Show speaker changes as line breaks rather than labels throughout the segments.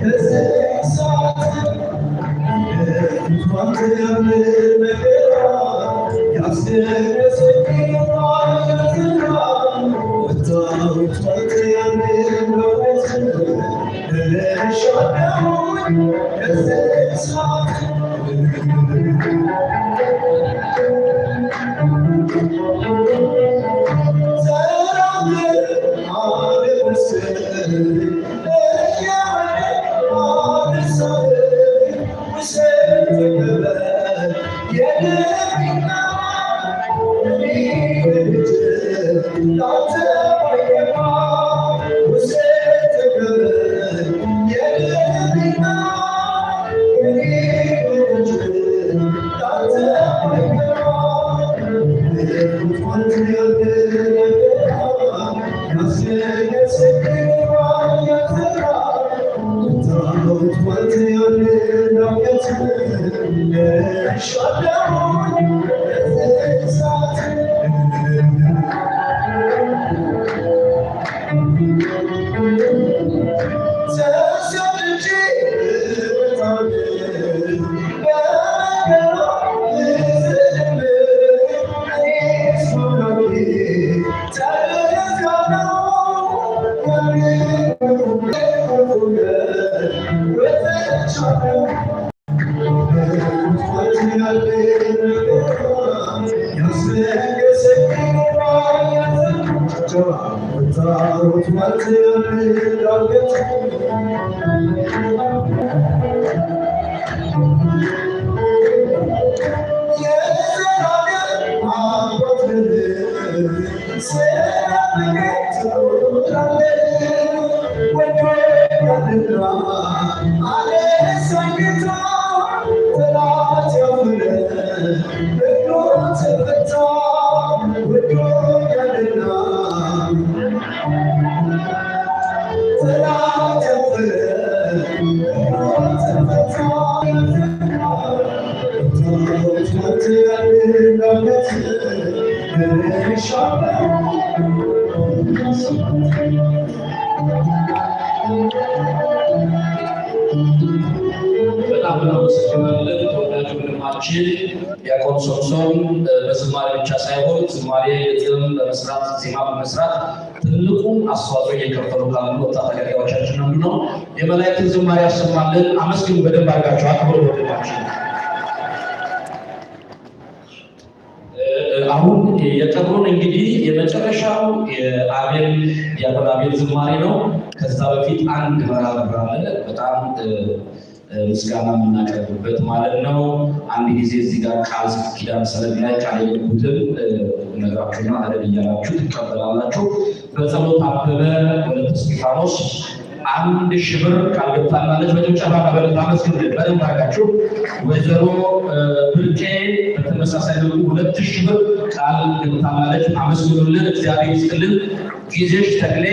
Gözlerim saatim Tutmak kıyamet Thank you. ሰው ሰው በዝማሬ ብቻ ሳይሆን ዝማሬ ግጥም በመስራት ዜማ በመስራት ትልቁን አስተዋጽኦ እየከፈሉ ካሉ ወጣት አገልጋዮቻችን ነው ነው። የመላእክትን ዝማሬ ያሰማልን። አመስግኑ በደንብ አድርጋቸው አክብሮ ወደማችን አሁን የቀሩን እንግዲህ የመጨረሻው የአቤል የአቤል ዝማሬ ነው። ከዛ በፊት አንድ መራብራለ በጣም ምስጋና የምናቀርብበት ማለት ነው። አንድ ጊዜ እዚህ ጋር ካዝ ኪዳን ስለሚላይ ላይ የገቡትን ነግራችሁና አደብ እያላችሁ ትቀበላላችሁ። በጸሎት አበበ ወለተ እስጢፋኖስ አንድ ሺህ ብር ቃል ገብታለች። በጭብጨባ በበለታ መስግን በደንብ አድርጋችሁ። ወይዘሮ ብርቴ በተመሳሳይ ደግሞ ሁለት ሺህ ብር ቃል ገብታለች። አመስግኑልን፣ እግዚአብሔር ይስጥልን። ጊዜሽ ተክሌ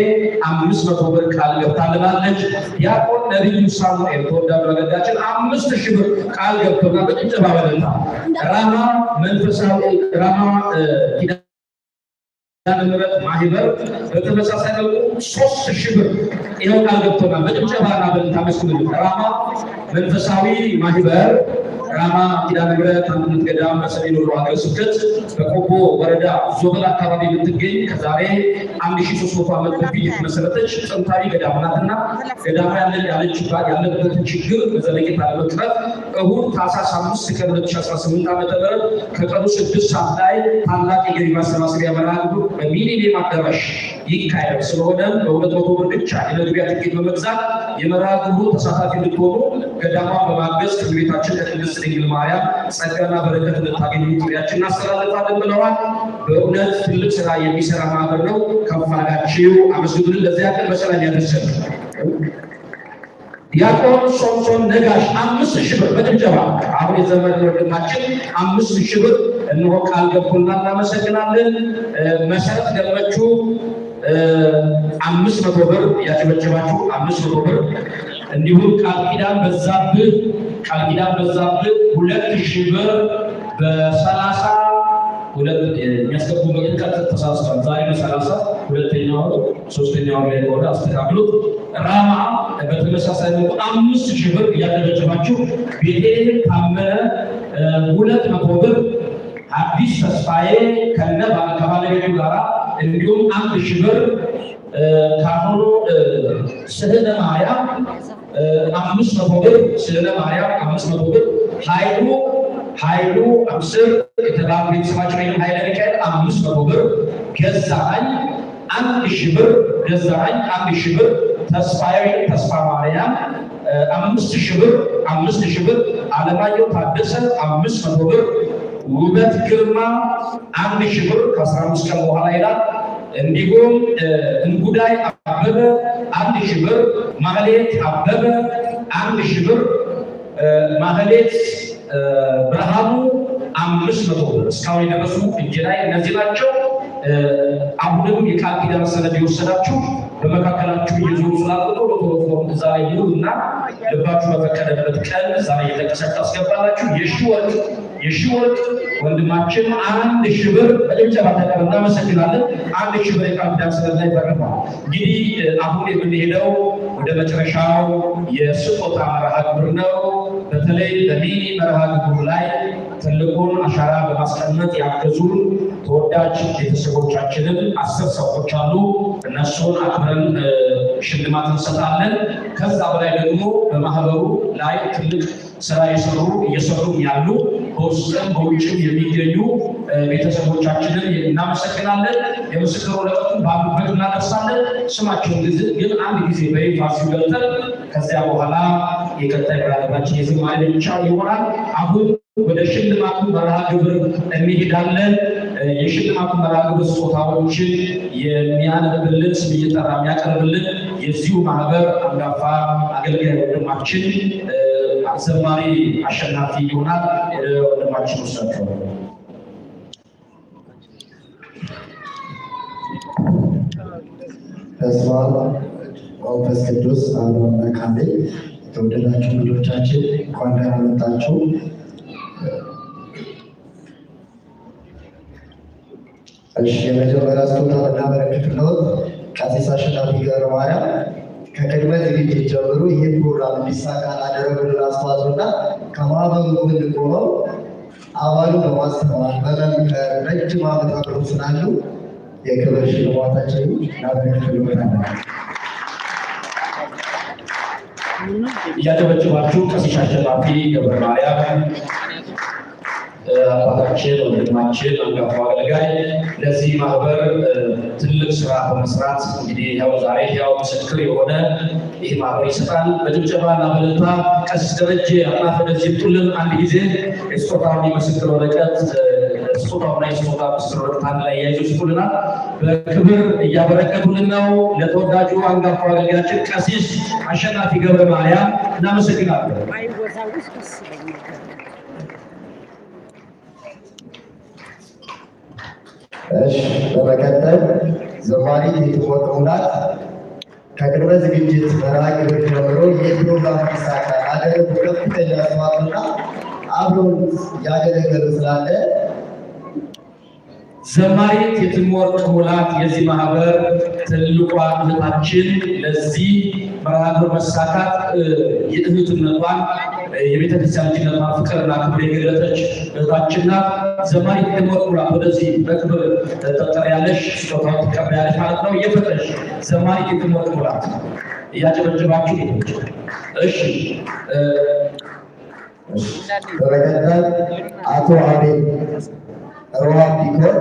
አምስት መቶ ብር ቃል ገብታልናለች። ያቆን ነቢዩ ሳሙኤል ተወዳጅ ረገዳችን አምስት ሺህ ብር ቃል ገብቶና በጭብጨባ በለታ ራማ መንፈሳዊ ራማ ኪዳ ለምሕረት ማህበር በተመሳሳይ ደግሞ ሶስት ሺህ ብር ይኸው ቃል ገብቶናል። በጭብጨባና በልታመስግኑ ራማ መንፈሳዊ ማህበር ራማ ኪዳነ ምሕረት አንድነት ገዳም በሰሜን ወሎ ሀገረ ስብከት በቆቦ ወረዳ ዞብል አካባቢ የምትገኝ ከዛሬ አንድ ሺ ሶስት መቶ ዓመት በፊት የተመሰረተች ጥንታዊ ገዳም ናትና ገዳማ ያለን ያለችባት ያለበትን ችግር በዘለቄታ ለመቅረፍ እሁድ ታኅሳስ አምስት ቀን ሁለት ሺ አስራ ስምንት ዓመተ ምህረት ከቀኑ ስድስት ሰዓት ላይ ታላቅ የገቢ ማሰባሰቢያ መርሃ ግብር በሚሊኒየም አዳራሽ ይካሄዳል። ስለሆነ በሁለት መቶ ብር ብቻ የመግቢያ ትኬት በመግዛት የመርሃ ግብሩ ተሳታፊ እንድትሆኑ ገዳማ በማገዝ ከእመቤታችን ከቅድስት ድንግል ማርያም ጸጋና በረከት እንድታገኙ ጥሪያችን እናስተላልፋለን ብለዋል። በእውነት ትልቅ ስራ የሚሰራ ማህበር ነው። ከፋላችሁ አመስግኑልን። ለዚያ ቀን በሰላም ያደርሰን። ዲያቆን ሶምሶን ነጋሽ አምስት ሺህ ብር በድብደባ አሁን የዘመን ወንድማችን አምስት ሺህ ብር እንሆ ቃል ገቡና እናመሰግናለን። መሰረት ገመቹ አምስት መቶ ብር ያጨበጨባችሁ አምስት መቶ ብር እንዲሁም ቃል ኪዳን በዛብህ ቃል ኪዳን በዛብህ ሁለት ሺህ ብር በሰላሳ ሁለት የሚያስገቡ መቅንቀት ተሳስቷል። ዛሬ በሰላሳ ሁለተኛ ወር ሶስተኛ ወር ላይ ሆነ አስተካክሉት። ራማ በተመሳሳይ መልኩ አምስት ሺህ ብር እያደረጀባችሁ ቤቴል ታመነ ሁለት መቶ ብር አዲስ ተስፋዬ ከነ ከባለቤቱ ጋራ እንዲሁም አንድ ሺህ ብር ካሁኑ ስዕለ ማርያም አምስት መቶ ብር ስዕለ ማርያም አምስት መቶ ብር ኃይሉ ኃይሉ አምስር የተባሉ ቤተሰባቸው ወይም ኃይለ ሚካኤል አምስት መቶ ብር ገዛኸኝ አንድ ሺህ ብር ገዛኸኝ አንድ ሺህ ብር ተስፋዬ ተስፋ ማርያም አምስት ሺህ ብር አምስት ሺህ ብር አለማየሁ ታደሰ አምስት መቶ ብር ውበት ግርማ አንድ ሺህ ብር ከአስራ አምስት ቀን በኋላ ይላል። እንዲሁም እንጉዳይ አበበ አንድ ሺህ ብር፣ ማህሌት አበበ አንድ ሺህ ብር፣ ማህሌት ብርሃኑ አምስት መቶ ብር። እስካሁን የደረሱ እጅ ላይ እነዚህ ናቸው። አሁንም የቃል ኪዳን ሰነድ የወሰዳችሁ በመካከላችሁ እየዞሩ ስላጥቶ በቶሎፎርም እዛ ላይ ይሉ እና ልባችሁ በፈቀደበት ቀን እዛ ላይ እየጠቀሳችሁ ታስገባላችሁ። የሺ ወርቅ የሺ ወርቅ ወንድማችን አንድ ሺህ ብር በጭብጨባ ተቀበል። እናመሰግናለን። አንድ ሺህ ብር የቃል ኪዳን ላይ ይፈርማል። እንግዲህ አሁን የምንሄደው ወደ መጨረሻው የስጦታ መርሃ ግብር ነው። በተለይ በሚኒ መርሃ ግብሩ ላይ ትልቁን አሻራ በማስቀመጥ ያገዙን ተወዳጅ ቤተሰቦቻችንን አስር ሰዎች አሉ። እነሱን አክብረን ሽልማት እንሰጣለን። ከዛ በላይ ደግሞ በማህበሩ ላይ ትልቅ ስራ የሰሩ እየሰሩም ያሉ በውስጥም በውጭም የሚገኙ ቤተሰቦቻችንን እናመሰግናለን። የምስክር ወረቀቱን ባሉበት እናደርሳለን። ስማቸውን ግን አንድ ጊዜ በይፋ ሲገልጠን ከዚያ በኋላ የቀጣይ ብራታችን የዝማሬ ብቻ ይሆናል። አሁን ወደ ሽልማቱ መርሃ ግብር እንሄዳለን። የሽልማቱ መርሃ ግብር ስጦታዎችን የሚያነብልን ስም እየጠራ የሚያቀርብልን የዚሁ ማህበር አንጋፋ አገልጋይ ወንድማችን ዘማሪ አሸናፊ ይሆናል። ወንድማችን ውስዳቸው ተስፋ አብ ቅዱስ አሐዱ አምላክ አሜን። የተወደዳችሁ ልጆቻችን እንኳን ደህና መጣችሁ። እሺ የመጀመሪያ ስጦታ ልናበረክት ነው ቀሲስ አሸናፊ ገብረማርያም። ከቅድመ ዝግጅት ጀምሮ ይህ ፕሮግራም እንዲሳካ ላደረጉልን አስተዋጽኦና ከማህበሩ ጎን ቆመው አባሉ በማስተማር በመምከር ረጅም ዓመት አብረው ስላሉ የክብር ሽልማታችንን እናበረክትልበታለን። እያጨበጨባችሁ ቀሲስ አሸናፊ ገብረማርያም አባታችን ወንድማችን አንጋፋ አገልጋይ ለዚህ ማህበር ትልቅ ስራ በመስራት እንግዲህ ያው ዛሬ ያው ምስክር የሆነ ይህ ማህበር ይሰጣል። በጭብጨባ እና በእልልታ ቀሲስ ደረጀ አጥናፈ ደጅ ይምጡልን። አንድ ጊዜ የስጦታውን የምስክር ወረቀት ስጦታውና የስጦታ ምስክር ወረቀት አንድ ላይ ያይዞ ይጽፉልናል። በክብር እያበረከቱልን ነው። ለተወዳጁ አንጋፋ አገልጋያችን ቀሲስ አሸናፊ ገብረ ማርያም እናመሰግናለን። እሺ በመቀጠል ዘማሪት የትሞት ሙላት ከቅድመ ዝግጅት መርሃ ግብር ጀምሮ የፕሮግራም ሳካ ያደረጉ በከፍተኛ አስተዋጽኦና አብረው ያገለገሉ ስላለ ዘማሪት የትሞት ሙላት የዚህ ማህበር ትልቋ እህታችን ለዚህ መርሃ ግብር መሳካት የእህትነቷን የቤተ ክርስቲያን የቤተክርስቲያናችንን ፍቅርና ክብር የገለጠች እህታችንና ዘማሪ ተቆርቁራ ወደዚህ በክብር ተጠሪያለሽ፣ ስጦታ ትቀበያለሽ ማለት ነው። እየፈጠሽ ዘማሪ ተቆርቁራ እያጨበጨባችሁ እሺ። በመቀጠል አቶ አቤል ሮሃ ዲኮር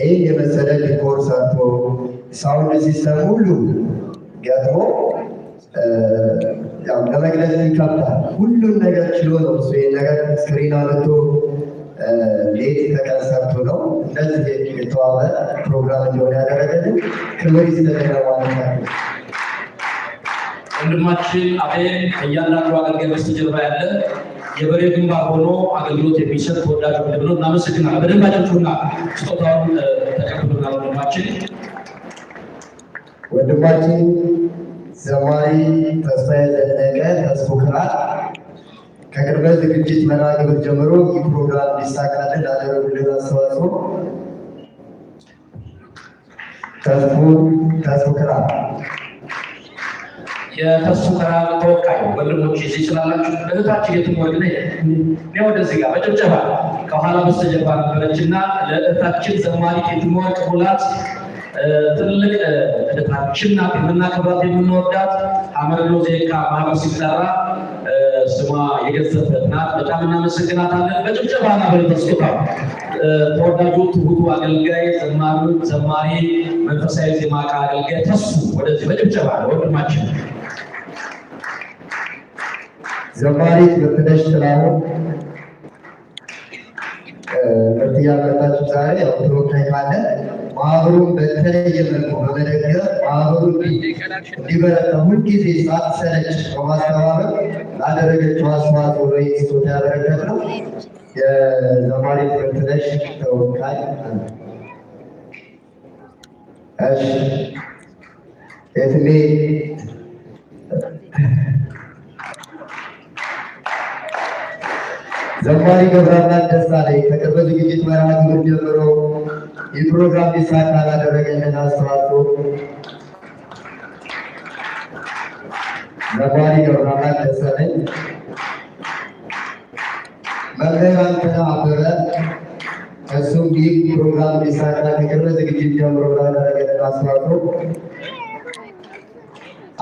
ይህ የመሰለ ዲኮር ሰርቶ ሳውንድ ሲስተም ሁሉ ገጥሞ ለመግለጽ ይከብዳል። ሁሉን ነገር ችሎ ነው እሱ። ይህ ነገር ስክሪን አለቶ ሌት ተቀን ሰርቶ ነው እንደዚህ የተዋበ ፕሮግራም እንደሆነ ያደረገልን ክብር ይስጥልን ማለት ነው። ወንድማችን አቤል ከእያንዳንዱ አገልጋይ በስተጀርባ ያለ የበሬ ግንባር ሆኖ አገልግሎት የሚሰጥ ተወዳጅ ወንድም ነው። እናመሰግናል። በደንባቸውና ስጦታውን ተቀብሎናል። ወንድማችን ወንድማችን ዘማሪ ተስፋዬ ዘለቀ ተስፎ ክራል ከቅድመ ዝግጅት መርሃ ግብር ጀምሮ ይህ ፕሮግራም እንዲሳካልን ላደረጉልን አስተዋጽኦ ተስፎ ክራል የተሱ ከራብ ተወካይ ወንድሞች ይዜ ይችላላችሁ። እህታችን የትም ወድ እኔ ወደዚህ ጋር በጭብጨባ ከኋላ በስተጀርባ ነበረች እና ለእህታችን ዘማሪ የትመወቅ ሁላት ትልቅ እህታችን ናት፣ የምናከብራት የምንወዳት ሐመርሎ ዜካ ማህበር ሲጠራ ስሟ የገዘፈት ናት። በጣም እናመሰግናታለን። በጭብጨባና በተስጦታ ተወዳጁ ትሁቱ አገልጋይ ዘማሩ ዘማሪ መንፈሳዊ ዜማ ዕቃ አገልጋይ ተሱ ወደዚህ በጭብጨባ ወንድማችን ዘማሪት በትነሽ ጥላሁን ምርትያ መጣችሁ ዛሬ ያው ተወካይ ማለት ማህበሩን በተለየ መልኩ በመደገፍ ማህበሩ እንዲበረታ ሁልጊዜ ሳትሰለች በማስተባበር ላደረገችው አስተዋጽኦ ላይ ስጦታ ያበረከት ነው። የዘማሪ ትምህርትነሽ ተወካይ የትሜ ዘማሪ ገብረአምላክ ደስታ ላይ ከቅርብ ዝግጅት መርሃ ግብር ጀምሮ इन programme की सहायता लाने लगे हैं ना स्वास्थ्य नवारी और रामा जैसा नहीं बंदेवान पना आपने ऐसों की प्रोग्राम की सहायता नहीं कर रहे थे जितने हम प्रोग्राम लाने लगे हैं ना स्वास्थ्य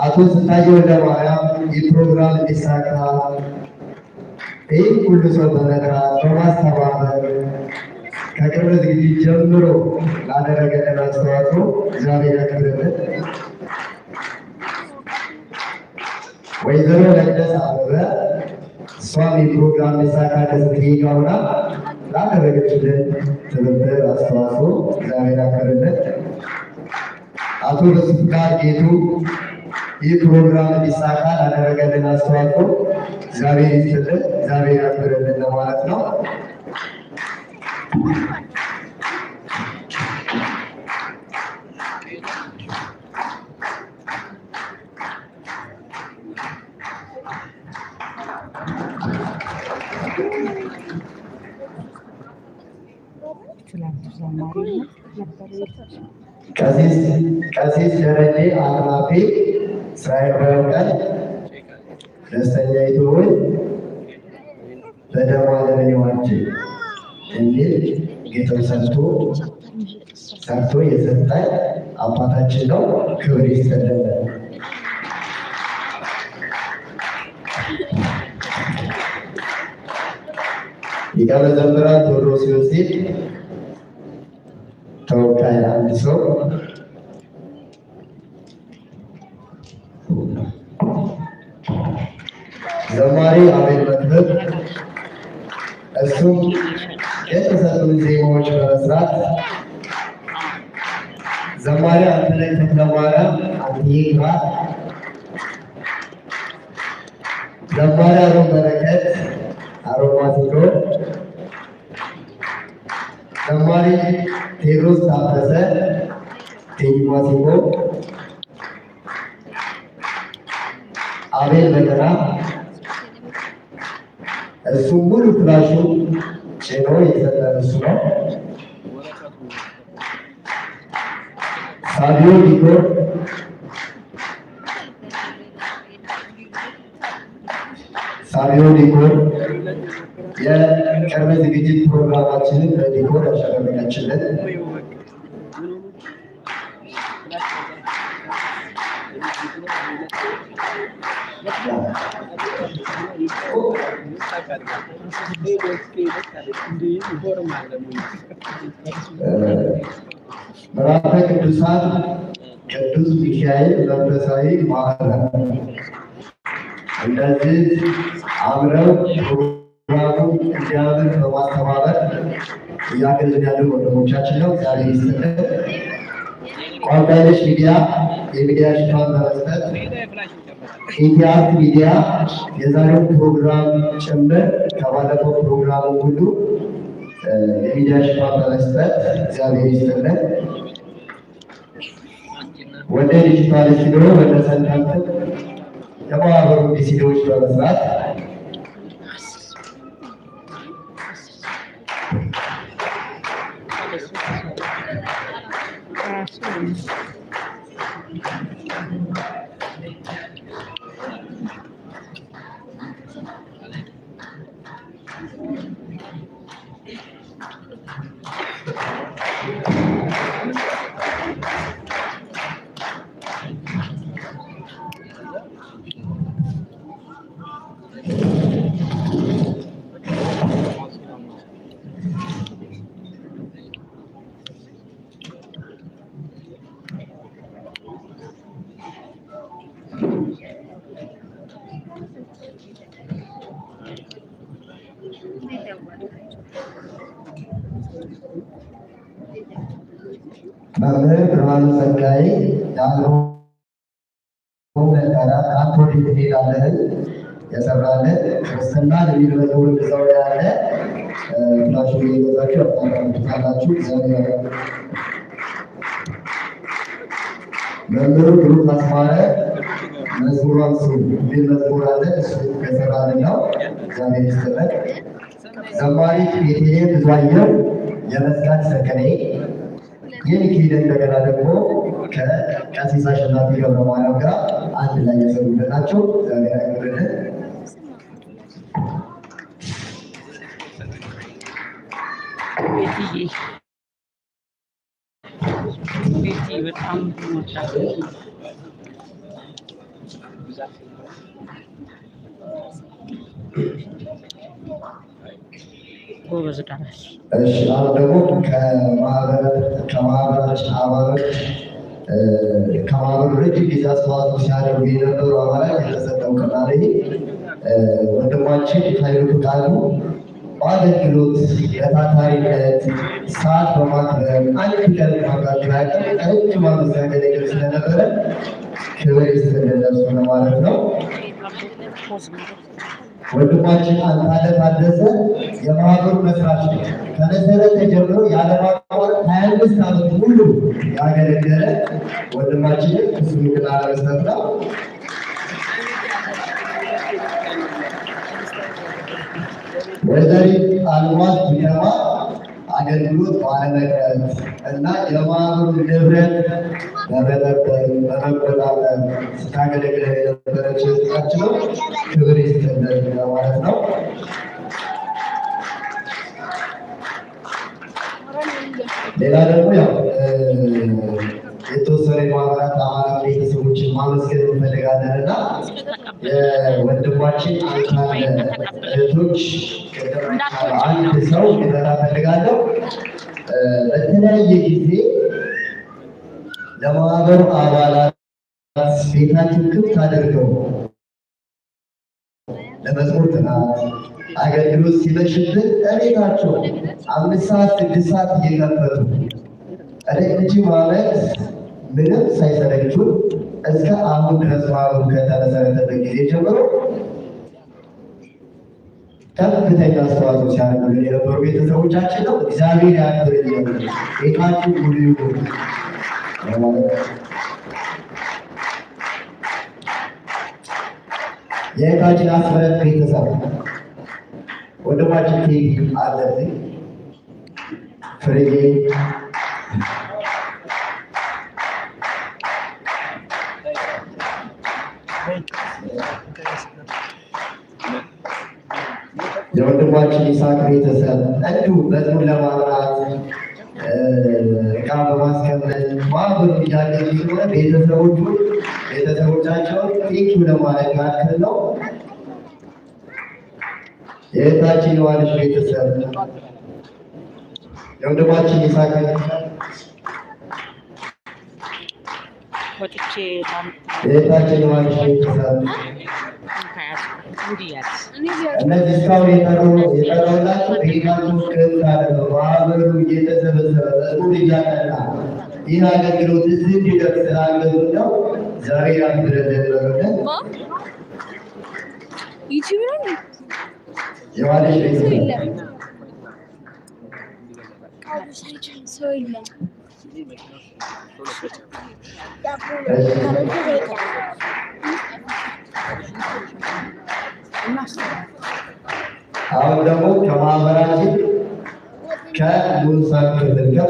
አቶ ስንታየው ወልደማርያም የፕሮግራም ሊሳካ ይህ ሁሉ ሰው በመጥራት በማስተባበር ከቅርብ ዝግጅት ጀምሮ ላደረገልን አስተዋጽኦ እግዚአብሔር ያክብርልን። ወይዘሮ ለገሰ አበበ እሷም የፕሮግራም መሳካት ስትሄድ ላደረገችልን ትብብር አስተዋጽኦ እግዚአብሔር ያክብርልን። አቶ ርስፍቃር ጌቱ ይህ ፕሮግራም እንዲሳካ ላደረገልን አስተዋጽኦ እግዚአብሔር ይስጥልን፣ እግዚአብሔር ያክብርልን ለማለት ነው። ቀሲስ ደረጀ አጥናፌ እስራኤል በቀል ደስተኛ ይትሆን በደማ ለምን እንድል ጌታው ሰርቶ ሰርቶ የሰጠን አባታችን ነው። ክብር ይሰደለ። ሊቃነ መዘምራን ቴዎድሮስ ዮሴፍ ተወካይ አንድ ሰው ዘማሪ አቤል መክብብ እሱም የተሰጡን ዜማዎች በመስራት ዘማሪ አንተነህ ተክለማርያም አንትዬ ግባ፣ ዘማሪ አሮን በረከት አሮማ ቴዶ፣ ዘማሪ ቴዎድሮስ ታፈሰ ቴኝማ ሲቦ፣ አቤል በገና እሱ ሙሉ ፍላሹ చేస్తున్నాం సాధ్యం మీకు Sadio Dikor yerleştirme zigicit programatçının ve Dikor aşağıdakilerinde Thank you. መራፈ ቅዱሳት ቅዱስ ሚካኤል መንፈሳዊ ማህበር እንደዚህ አብረው ፕሮግራሙ እንዲያብር በማስተባበር እያገዙን ያሉ ወንድሞቻችን ነው። ዛሬ ይስጥልን። ቋንቋ ሚዲያ የሚዲያ ሽፋን በመስጠት ኢንዲያርት ሚዲያ የዛሬው ፕሮግራም ጭምር ከባለፈው ፕሮግራሙ ሁሉ የሚዲያ ሽፋን በመስጠት እግዚአብሔር ይስጥልን። ወደ ዲጂታል ስቱዲዮ ወደ ሰንታንት የተባበሩ ስቱዲዮዎች በመስራት Thank የሰራልህን የሰራልህን ክርስትና ለሚመዘው ሰው ያለ ፍላሽ የገዛችሁ ታላችሁ እግዚአብሔር መምህሩ ግሩፕ አስማረ መዝሙሯን ሱ ቢል መዝሙር አለ እሱ የሰራልን ነው። እግዚአብሔር ይስጥልን። ዘማሪት ቤቴሌም ብዙአየሁ፣ የመስጋን ሰከኔ የሚካሄደ እንደገና ደግሞ ከቀሲስ አሸናፊ ገብረማርያም ጋር አንድ ላይ የሰሩልን ናቸው። እግዚአብሔር ያክብርልን። ቤቲ በጣም ደግሞ ከማህበራችን አባሎች ከማህበሩ እጅግ ጊዜ አስተዋጽኦ ሲያደርጉ የነበሩ አባላት የተሰጠው ቅጣት ወንድማችን ኃይሉ ቃሉ በአገልግሎት በታታሪነት ሰዓት በማክበር አንድ ፊደል ማቃት ያቀር እጅ ማመሰገን ነገር ስለነበረ ክብር ይስጥልን ለእሱ ነው ማለት ነው። ወንድማችን አንታለ ታደሰ የማህበሩ መስራች ነው። ከመሰረተ ጀምሮ ያለማቋረጥ ሀያ አምስት ዓመት ሙሉ ያገለገለ ወንድማችን ስሙ ቅጣላ ነው። ወይዘሪት አልማዝ ቡደማ አገልግሎት ዋለመቀል እና የማሩ ንብረት በመቆጣጠር ስታገለግለ የነበረች እህታችን ክብር ይስጥልን ማለት ነው። ሌላ ደግሞ ያው የተወሰነ የማህበራት አባላት ቤተሰብ ቤተሰቦችን ማመስገን እንፈልጋለን እና የወንድማችን እህቶች አንድ ሰው ሊበላ ፈልጋለሁ። በተለያየ ጊዜ ለማህበሩ አባላት ቤታችን ክፍት አድርገው ለመዝሙር ጥናት አገልግሎት ሲመሽብን እቤታቸው አምስት ሰዓት ስድስት ሰዓት እየከፈቱ እኔ እጅ ማለት ምንም ሳይሰለችው እስከ አሁን ድረስ ማሩ ከተመሰረተበት ጊዜ ጀምሮ ከፍተኛ አስተዋጽኦ ሲያደርጉ የነበሩ ቤተሰቦቻችን ነው። እግዚአብሔር ያክብርልን። ቤታችሁ ሙሉ ይሁን። የእህታችን አስረት ቤተሰብ ወንድማችን ቴዲ አለብኝ ፍሬ ለወንድማችን ይስሐቅ ቤተሰብ እንዲሁ መዝሙር ለማብራት እቃ በማስቀመጥ ማህበሩ እያለ ስለሆነ ቤተሰቦቹ ቤተሰቦቻቸውን ቴንኪ ለማለት ያክል ነው። የእህታችን የዋልሽ ቤተሰብ የወንድማችን ይስሐቅ ቤተሰብ የእህታችን የዋልሽ ቤተሰብ እነዚህ እስካሁን የጠራሁላችሁ በጌታቶች ክህምታደረው ማህበሩ እየተሰበሰበ ህዝቡ እያጠና ይህ አገልግሎት እዚህ እንዲደርስ ስላገዙ ነው ዛሬ ያምድረደበሩነት አሁን ደግሞ ከማህበራችን ከሙንሳን ክፍል ከፍተኛ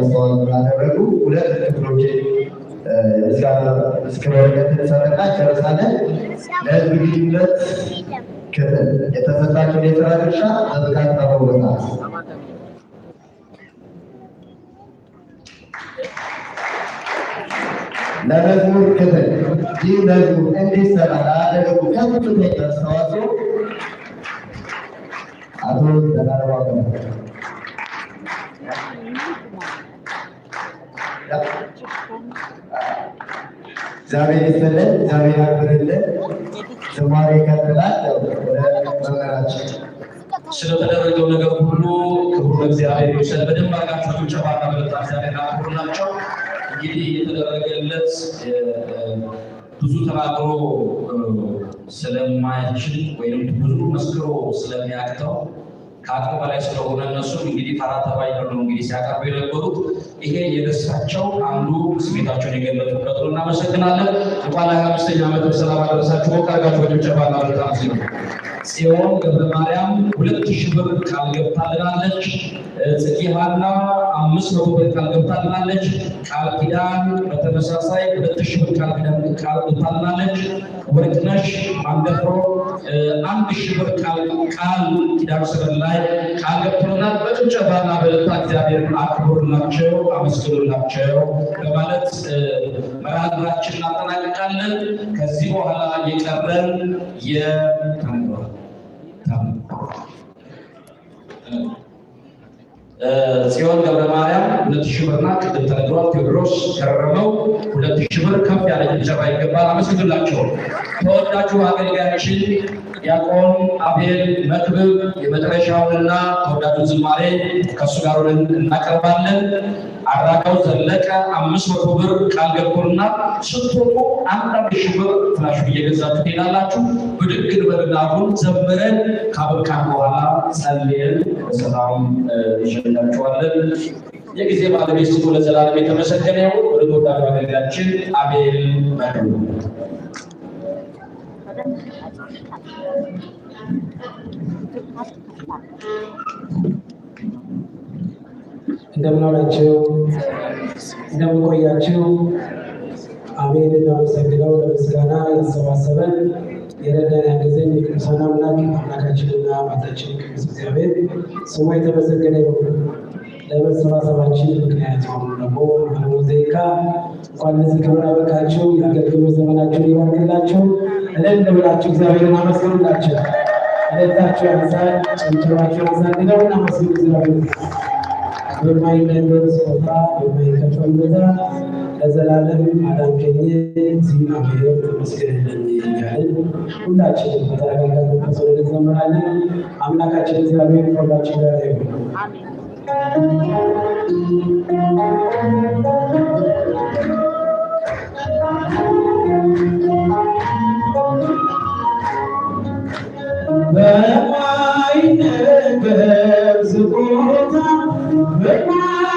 አስተዋጽኦ ያደረጉ ሁለት ክፍሎች ምስጋና ምስክርነት ጨርሳለን። ለህዝብ ክፍል የተሰጣቸውን የስራ ድርሻ በብቃት ተወጥተዋል። ለመዝሙር ክፍል ይህ መዝሙር እንዲሰራ ላደረጉ ከፍተኛ አስተዋጽኦ አቶ ዘናረባ እግዚአብሔር ይስጥልን፣ እግዚአብሔር ያክብርልን። ዝማሬ ይቀጥላል። መምህራችን ስለተደረገው ነገር ሁሉ ክቡር እግዚአብሔር ይውሰድ። በደንብ አርጋችሁ ጭባና በጣም እግዚአብሔር ናቸው እንግዲህ የተደረገለት ብዙ ተናግሮ ስለማይችል ወይም ብዙ መስክሮ ስለሚያቅተው ከአቅሙ በላይ ስለሆነ እነሱም እንግዲህ ተራ ተባይ ነው እንግዲህ ሲያቀርቡ የነበሩት ይሄ የደስታቸው አንዱ ስሜታቸውን የገለጡበት ነው። እናመሰግናለን። እንኳን ለሀያ አምስተኛ ዓመት በሰላም አደረሳችሁ። ወቃጋችሁ ወደ ጨባ ናበጣም ጽዮን ገብረ ማርያም ሁለት ሺህ ብር ቃል ገብታልናለች። ጽጌ ሀና አምስት መቶ ብር ቃል ገብታልናለች። ቃል ኪዳን በተመሳሳይ ሁለት ሺ ብር ቃል ኪዳን ቃል ገብታልናለች። ወርቅነሽ አንደፍሮ አንድ ሺ ብር ቃል ቃል ኪዳን ስር ላይ ቃል ገብቶልናል። በጭብጨባና በልታ እግዚአብሔር አክብሩላቸው፣ አመስግኑላቸው በማለት መርሃግብራችን እናጠናቅቃለን። ከዚህ በኋላ የቀረን የታምሯል ታምሯል ጽዮን ገብረ ማርያም ሁለት ሺህ ብርና ቅድም ተነግሯል። ቴዎድሮስ ከረመው ሁለት ሺህ ብር ከፍ ያለ ጭብጨባ ይገባል። አመስግኑላቸው። ተወዳጁ አገልጋያችን ያቆን፣ አቤል መክብብ የመጨረሻውንና ተወዳጁን ዝማሬ ከእሱ ጋር ሆነን እናቀርባለን። አራዳው ዘለቀ አምስት መቶ ብር ቃል ገብቶልና ስትወጡ አንዳንድ ሺህ ብር ፍላሹ እየገዛችሁ ትሄዳላችሁ። ብድግ እንበልና አሁን ዘምረን ካበቃን በኋላ ጸልየን ሰላም ይሸኛችኋለን። የጊዜ ባለቤት ስሙ ለዘላለም የተመሰገነ ይሁን። ወደ ተወዳጁ አገልጋያችን አቤል መድሩ እንደምናላችሁ እንደምንቆያችሁ አሜን። እናመሰግነው ለምስጋና የተሰባሰበን የረዳን ያገዘን የቅዱሳን አምላክ አምላካችንና አባታችን ቅዱስ እግዚአብሔር ስሙ የተመሰገነ ይሁን። ለመሰባሰባችን ምክንያት ሆኑ ደግሞ አሁኑ ዘይካ እንኳን ለዚህ ክብር አበቃችሁ። የአገልግሎት ዘመናችሁን ይባርክላችሁ። እለን እንደብላችሁ እግዚአብሔርን አመስግኑላችሁ። እለታችሁ ያንሳል፣ ያንሳል። አመስግኑ እግዚአብሔር የማይለወጥ ስጦታ የማይከፈል ቦታ ለዘላለም አላገኘ ስማ ብሔር ተመስገንለን እያለን ሁላችንም ፈጣሪ ጋር እንዘምራለን። አምላካችን እግዚአብሔር ከሁላችን ጋር ይሁን። በማይነገር ስጦታ Vem mais!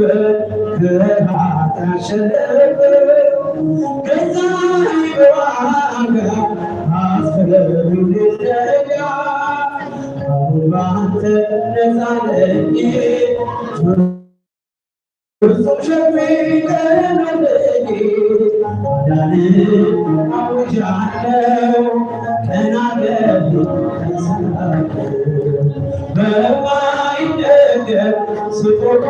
ሸሚ ስጦታ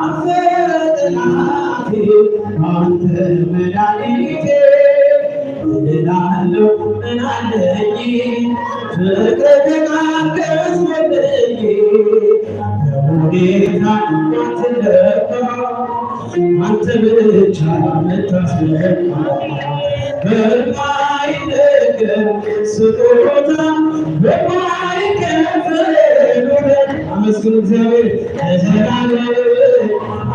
ወንዶች አንተ መድኃኒቴ አንተ ብቻ ምታስለካ በማይነገር ስጦታ በማይከፈል አመስግን እግዚአብሔር ለዘላለም